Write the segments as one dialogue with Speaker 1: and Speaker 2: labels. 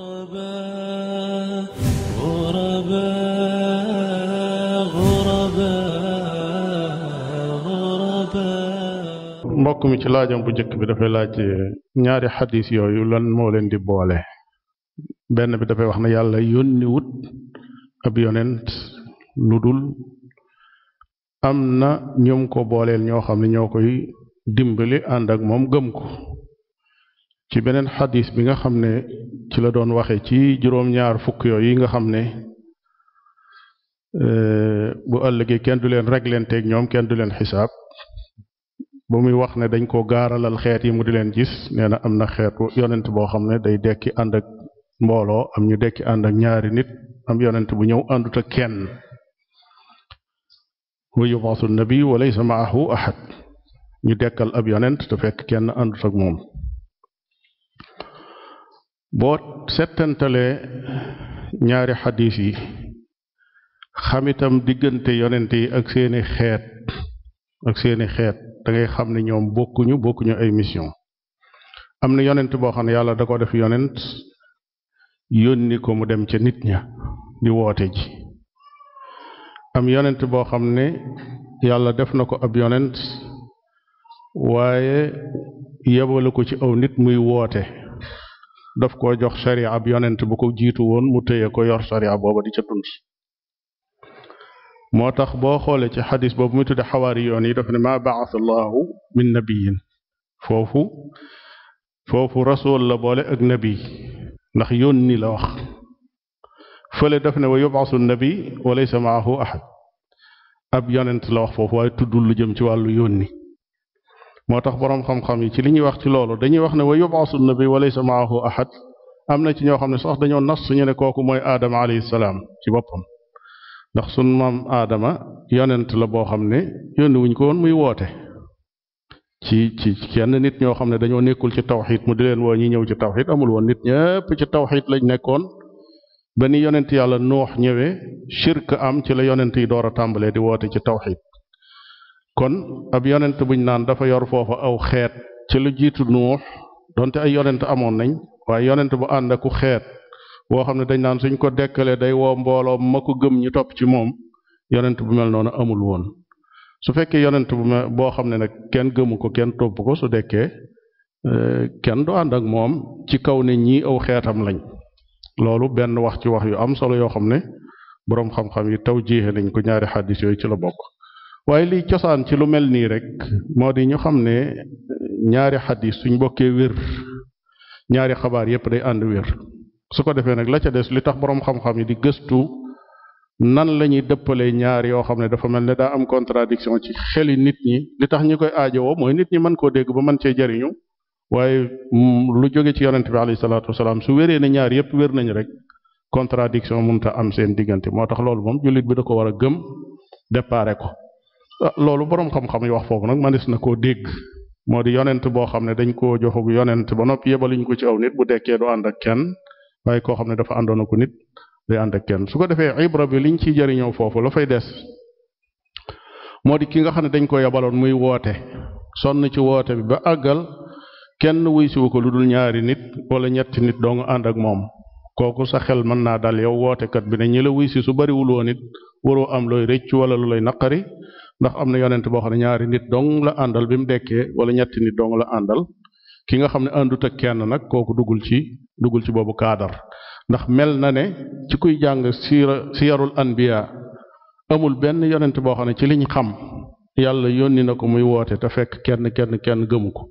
Speaker 1: mbokk mi ci laajam bu njëkk bi dafay laaj ñaari xadis yooyu lan moo leen di boole benn bi dafay wax ne yàlla yónni wut ab yonent lu dul am na ñoom ko booleel ñoo xam ne ñoo koy dimbali ànd ak moom gëm ko ci beneen xadis bi nga xam ne ci la doon waxe ci juróom-ñaar fukk yooyu nga xam ne bu ëllëgee kenn du leen reglenteeg ñoom kenn du leen xisaab ba muy wax ne dañ ko gaaralal xeet yi mu di leen gis nee na am na xeetu yonent boo xam ne day dekki ànd ak mbooloo am ñu dekki ànd ak ñaari nit am yonent bu ñëw àndut ak kenn wa yubaasu nabi wa laysa maahu ahad ñu dekkal ab yonent te fekk kenn àndut ak moom boo settantalee ñaari xadiis yi xamitam diggante yonent yi ak seeni xeet ak seeni xeet da xam ne ñoom bokkuñu bokkuñu ay mission am na yonent boo xam ne yàlla da ko def yonent yónni ko mu dem ca nit ña di woote ji am yonent boo xam ne yàlla def na ko ab yonent waaye yebalu ko ci aw nit muy woote daf ko jox sharia bi yonent bu ko jitu won mu téye ko yor sharia bobu di ci dund motax bo xole ci hadith bobu mu tudde hawari yoon yi dafa ne ma ba'ath allah min nabiyyin fofu fofu rasul la bolé ak nabi ndax yónni la wax fële daf ne wa yubaasu nabi wa laysa maahu ahad ab yonent la wax fofu way tuddul lu jëm ci walu yónni moo tax boroom xam-xam yi ci li ñuy wax ci loolu dañuy wax ne wa yub'asu nabi wa laysa ma'ahu ahad am na ci ñoo xam ne sax dañoo nas suñu ne kooku mooy aadama alayhi salaam ci boppam ndax sun maam aadama yonent la boo xam ne yónni wuñ ko woon muy woote ci ci kenn nit ñoo xam ne dañoo nekkul ci tawxid mu di leen woo ñi ñëw ci tawxid amul woon nit ñëpp ci tawxid lañu nekkoon ba ni yonent yàlla nuux ñëwee shirk am ci la yonent yi door a tàmbalee di woote ci tawxid kon ab yonent buñ naan dafa yor foofa aw xeet ci lu jiitu nuux donte ay yonent amoon nañ waaye yonent bu ànd ak ku xeet woo xam ne dañ naan suñ ko dekkalee day woo mbooloo ma ko gëm ñu topp ci moom yonent bu mel noonu amul woon su fekkee yonent bu mel boo xam ne nag kenn gëmu ko kenn topp ko su dekkee euh, kenn du ànd ak moom ci kaw ne ñii aw xeetam lañ loolu benn wax ci wax yu am solo yoo xam ne boroom xam-xam yi taw jiixe nañ ko ñaari xaddis yooyu ci la bokk waye li ciosan ci lu melni rek modi ñu xamne ñaari hadith suñ bokke wër ñaari xabar yépp day and wër su ko defé nak la ca des li tax borom xam-xam yi di gëstu nan lañuy deppalé ñaar yo xamne dafa melni da am contradiction ci xeli nit ñi li tax ñi aajo wo moy nit ñi man ko dégg ba man cee jariñu waye lu joggé ci yaronte bi alayhi salatu wassalam su wéré na ñaar yépp wër nañ rek contradiction am seen digënté motax loolu mom julit bi da ko wara gëm déparé ko Ah, loolu boroom xam-xam yi wax foofu nag manis na koo dégg moo di yonent boo xam ne dañ koo joxug yonent ba noppi yebaluñ ko ci aw nit bu dekkee du ànd ak kenn waaye koo xam ne dafa àndoon ko nit day ànd ak kenn su ko defee ibra bi liñ ciy jëriñoo foofu la fay des moo di ki nga xam ne dañ ko yebaloon muy woote sonn ci woote bi ba àggal kenn wuy siwu ko lu dul ñaari nit wala ñetti nit doo nga ànd ak moom kooku sa xel mën naa dal yow kat bi ne ñi wuy si su bariwul woon it waroo am looy rëcc wala lu lay naqari ndax am na yonent boo xam ne ñaari nit dong la àndal bi mu dekkee wala ñetti nit dong la àndal ki nga xam ne àndut ak kenn nag kooku duggul ci dugul ci boobu kaadar ndax mel na ne ci kuy jàng siira siyarul anbiya amul benn yonent boo xam ne ci liñ xam yàlla yónni na ko muy woote te fekk kenn kenn kenn gëmu ko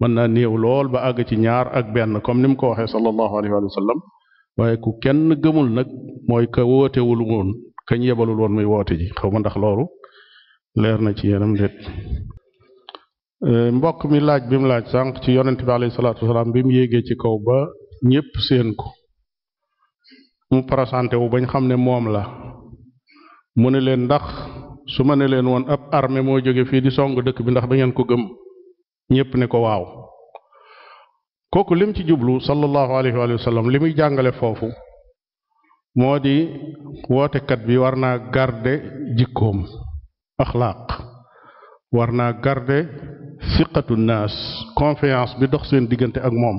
Speaker 1: mën naa néew lool ba àgg ci ñaar ak benn comme ni mu ko waxee sallallahu alayhi wa sallam waaye ku kenn gëmul nag mooy ka wootewul woon kañ yebalul woon muy xaw ma ndax loolu leer na ci yéenam déet euh, mbokk mi laaj bi mu laaj sànq ci yonent bi alayhi salaatu wasalaam bi mu yéegee ci kaw ba ñépp séen ko mu présenté wu bañ xam ne moom la mu ne leen ndax su ma ne leen woon ab armée moo jóge fii di song dëkk bi ndax ba ngeen ko gëm ñépp ne ko waaw kooku lim ci jublu sallallahu alayhi wa sallam li muy jàngale foofu moo di wootekat bi war naa garder jikkoom axlaaq war naa garder siqatu naas confiance bi dox seen diggante ak moom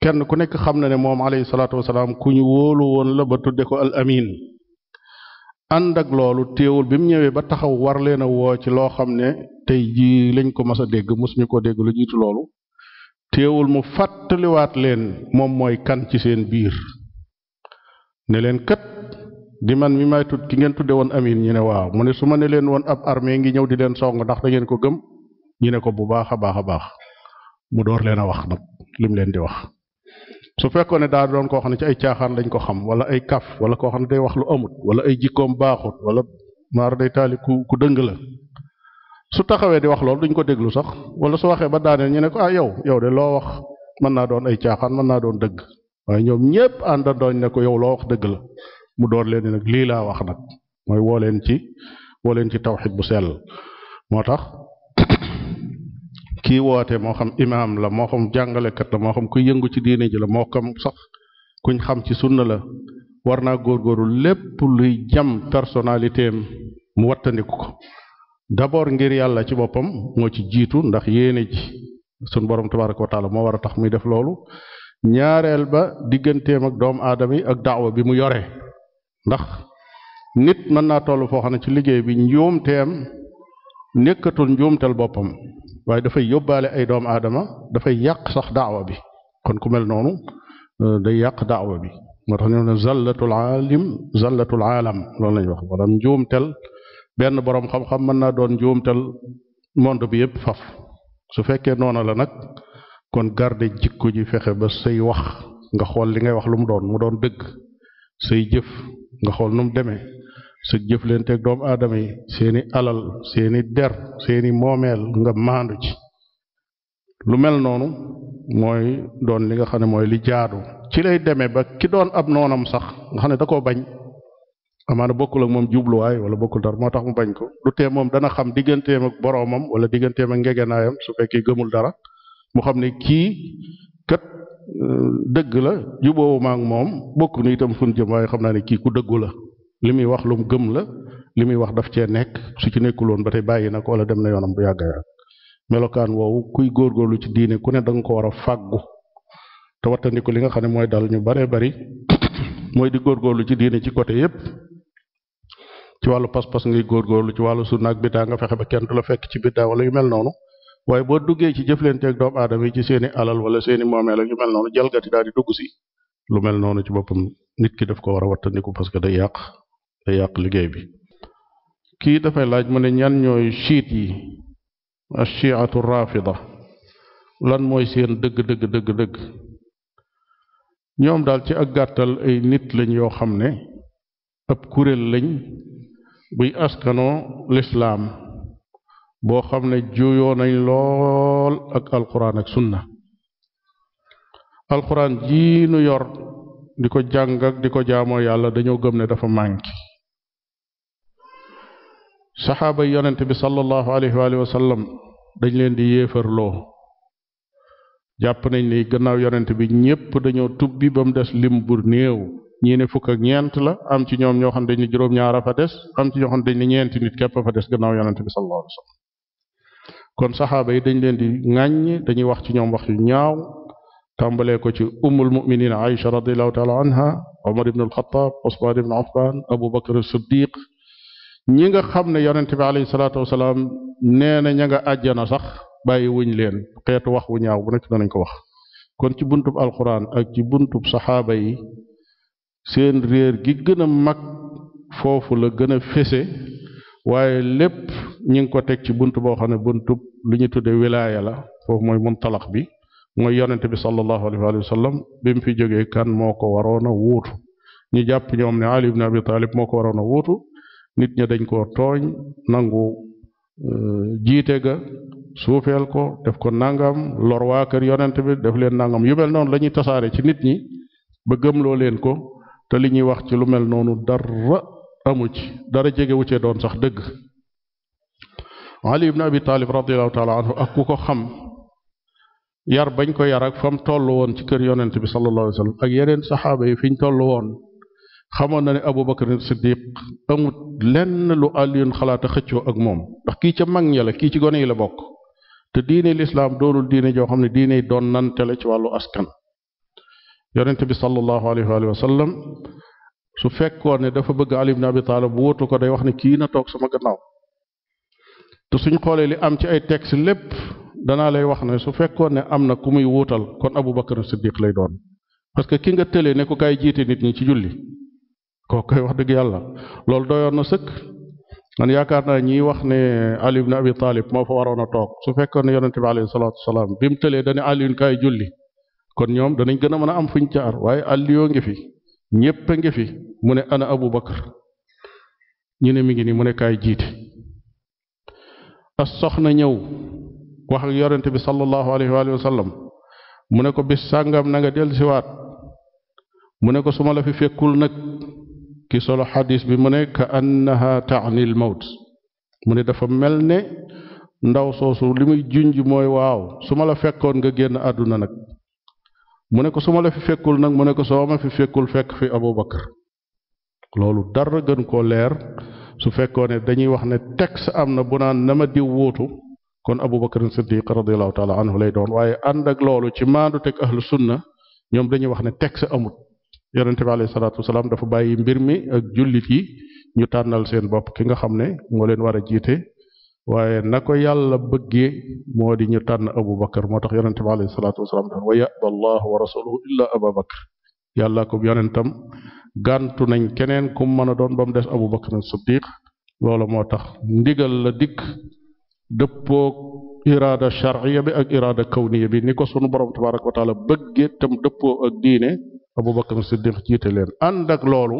Speaker 1: kenn ku nekk xam na ne moom alayhi salaatu wasalaam ku ñu wóolu woon la ba tudde ko al amin ànd ak loolu téewul bi mu ñëwee ba taxaw war leen a woo ci loo xam ne tey jii lañ ko mas a dégg mësuñu koo dégg lu jiitu loolu téewul mu fàttaliwaat leen moom mooy kan ci seen biir ne leen di man mi may tudd ki ngeen tudde woon amin ñu ne waaw mu ne su ma ne leen woon ab armée ngi ñëw di leen song ndax da ngeen ko gëm ñu ne ko bu baax a baax a baax mu door leen a wax nag lim leen di wax. su fekkoon ne daa doon koo xam ne ci ay caaxaan lañ ko xam wala ay kaf wala koo xam ne day wax lu amut wala ay jikkoom baaxut wala maar day taali ku ku dëng la su taxawee di wax loolu duñ ko déglu sax wala su waxee ba daaneel ñu ne ko ah yow yow de loo wax mën naa doon ay caaxaan mën naa doon dëgg waaye ñoom ñépp àndandoo ñu ne ko yow loo dëgg la. mu doon leen nag lii laa wax nag mooy woo leen ci woo leen ci tawxid bu sell moo tax kii woote moo xam imaam la moo xam jàngalekat la moo xam kuy yëngu ci diine ji la moo xam sax kuñ xam ci sunna la war naa góor góorgóorlu lépp luy jam personnalité am mu wattandiku ko d'abord ngir yàlla ci boppam moo ci jiitu ndax yéene ji sun borom tabaraka wa taala moo war a tax muy def loolu ñaareel ba digganteem ak doomu aadama yi ak daawa bi mu yore ndax nit mën naa toll foo xam ne ci liggéey bi njuumteem nekkatul njuumtel boppam waaye dafay yóbbaale ay doomu aadama dafay yàq sax daawa bi kon ku mel noonu euh, day yàq daawa bi moo tax ñoo ne zallatul aalim zallatul aalam loolu lañu wax maanaam njuumtel benn boroom xam-xam mën naa doon njuumtel monde bi yëpp faf su fekkee noona la nag kon garde jikko ji fexe ba say wax nga xool li ngay wax lu mu doon mu doon dëgg say jëf nga xool nu mu demee sa jëflanteeg doomu aadama yi seeni alal seeni der seeni moomeel nga maandu ci lu mel noonu mooy doon li nga xam ne mooy li jaadu ci lay demee ba ki doon ab noonam sax nga xam ne da koo bañ amaana bokkul ak moom jubluwaay wala bokkul dara moo tax mu bañ ko lu tee moom dana xam digganteem ak boroomam wala digganteem ak ngegenaayam su fekkee gëmul dara mu xam ne kii kat dëgg la juboowu maak moom bokk nu itam fun jëm waaye xam naa ne kii ku dëggu la li muy wax lu mu gëm la li muy wax daf cee nekk su ci nekkuloon ba te bàyyi na ko wala dem na yoonam bu yàgg yàgg melokaan woowu kuy góorgóorlu ci diine ku ne da ko war a fàggu te wattandiku li nga xam ne mooy dal ñu baree bari mooy di góor góorgóorlu ci diine ci côté yépp ci wàllu pas-pas ngay góorgóorlu ci wàllu sunna ak biddaa nga fexe ba kenn du la fekk ci biddaa wala yu mel noonu waaye boo duggee ci jëflanteeg doomu aadama yi ci seeni alal wala seeni moomeel ak yu mel noonu jalgati daal di dugg si lu mel noonu ci boppam nit ki def ko war a wattandiku parce que day yàq day yàq liggéey bi. kii dafay laaj mu ne ñooy chiit yi mooy seen dëgg dëgg dëgg ñoom daal ci ak gàttal ay nit lañ yoo xam ne ab kuréel lañ buy askanoo lislaam boo xam ne juyoo nañ lool ak alquran ak sunna alquran jii yor di ko jàng di ko jaamoo yàlla dañoo gëm ne dafa manqué saxaaba yi yonente bi sallallahu alayhi waalihi wa dañ leen di yéefarloo jàpp nañ ni gannaaw yonent bi ñépp dañoo tubbi ba mu des lim bu néew ñii ne fukk ak ñeent la am ci ñoom ñoo xam dañ ne juróom-ñaar a fa des am ci ñoo xam dañ ne ñeenti nit képp fa des gannaaw yonent bi sallallahu alayhi wa kon sahaba yi dañ leen di ŋàññ dañuy wax ci ñoom wax yu ñaaw tàmbalee ko ci umul muminin aïcha radiallahu taala anha omar ibn alxataab osmaan ibn afan abu bakar siddiq ñi nga xam ne yonente bi alayhi salaatu wasalaam nee na ña nga àjjana sax bàyyi wuñ leen xeetu wax wu ñaaw bu nekk danañ ko wax kon ci buntub alquran ak ci buntub sahaba yi seen réer gi gën a mag foofu la gën a fese waaye lépp ñu ngi ko teg ci bunt boo xam ne buntu lu ñu tuddee wilaaya la foofu mooy muntalax bi mooy yonente bi sallallahu alayhi wa sallam bi mu fi jógee kan moo ko waroon a wuutu ñu jàpp ñoom ne Ali ibn Abi Talib moo ko waroon a wuutu nit ña dañ koo tooñ nangu euh, jiite ga suufeel ko def ko nangam lor waa kër yonent bi def leen nangam yu noonu la ñuy tasaare ci nit ñi ba gëmloo leen ko te li ñuy wax ci lu mel noonu dara amu ci dara jegewu cee doon sax dëgg Ali ibn Abi Talib radiallahu taala anhu ak ku ko xam yar bañ ko yar ak fam toll woon ci kër yonent bi sallallahu alayhi wasallam ak yeneen saxaaba yi fiñ toll woon xamoon na ne Abu Bakr Siddiq amut lenn lu Aliyun xalaata xëccoo ak moom ndax kii ca mag ña la kii ci te diine lislaam doonul diine joo xam ne diine doon nante ci wàllu askan yonent bi sallallahu alayhi wa sallam su fekkoon ne dafa bëgg Ali Abi Talib wóotu ko day wax ne kii na toog sama gannaaw te suñ xoolee li am ci ay si lépp danaa lay wax ne su fekkoon ne am na ku muy wuutal kon Abu Bakar Siddiq lay doon parce que ki nga tëlee ne ku kaay jiite nit ñi ci julli koo koy wax dëgg yàlla loolu doyoon na sëkk man yaakaar naa ñiy wax ne Ali ibn Abi Talib moo fa waroon a toog su fekkoon ne yonente bi alayhi salaatu wasalaam bi mu tëlee dane Ali kaay julli kon ñoom danañ gën a mën a am fuñ caar waaye Aliyo ngi fi ñépp a ngi fi mu ne ana Abu Bakar ñu ne mi mu ne kaay jiite as soxna ñëw wax ak yonente bi sallallahu alayhi wa sallam mu ne ko bis sàngam na nga dellusiwaat mu ne ko su ma la fi fekkul nag ki solo xadiis bi mu ne ka annaha mawt mu ne dafa mel ne ndaw soosu li muy junj mooy waaw su ma la fekkoon nga génn àdduna nag mu ne ko su ma la fi fekkul nag mu ne ko soo ma fi fekkul fekk fi Abubakar loolu dara gën koo leer su fekkone dañuy wax ne texte am na bu naan na ma diw wuutu kon abubakar siddiq radiallahu taala anhu lay doon waaye ànd ak loolu ci maandu teg ahlu sunna ñoom dañuy wax ne texte amut yonente bi alayhi salatu wasalaam dafa bàyyi mbir mi ak jullit yi ñu tànnal seen bopp ki nga xam ne moo leen war a jiite waaye na ko yàlla bëggee moo di ñu tànn abubakar moo tax yonente bi alayhi salatu wasalaam wa yaba allahu wa rasuluhu illa abubakar yàlla ko yonentam gantu nañ keneen kum mëna doon bam des abu bakr siddiq loola moo tax ndigal la dikk irada charia bi ak irada kawniya bi ni ko sunu borom tabarak wa taala bëgge tam dëppoo ak diine abu bakr siddiq jiite leen ànd ak loolu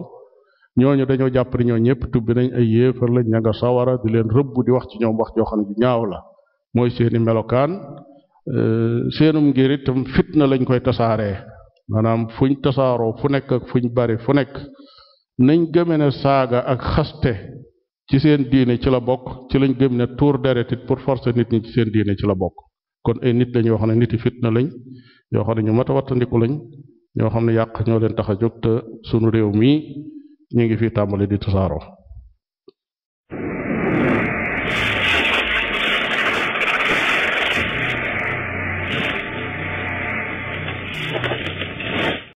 Speaker 1: ñooñu dañoo jàpp ni ñoo ñëpp tubbi nañ ay yéefar lañ ñanga sawara di leen rëbb di wax ci ñoom wax joo xam ne ñaaw la mooy seeni melokaan euh, seenum ngir itam fitna lañ koy tasaaree maanaam fuñ tosaaroo fu nekk ak fuñ bari fu nekk nañ gëme ne saaga ak xaste ci seen diine ci la bokk ci lañ gëm ne tuur deret it pour forcer nit ñi ci seen diine ci la bokk kon ay nit lañ yoo xam ne niti yi fitna lañ yoo xam ne ñu mat a wattandiku lañ ñoo xam ne yàq ñoo leen tax a jóg te sunu réew mii ñu ngi fi tàmbali di tosaaroo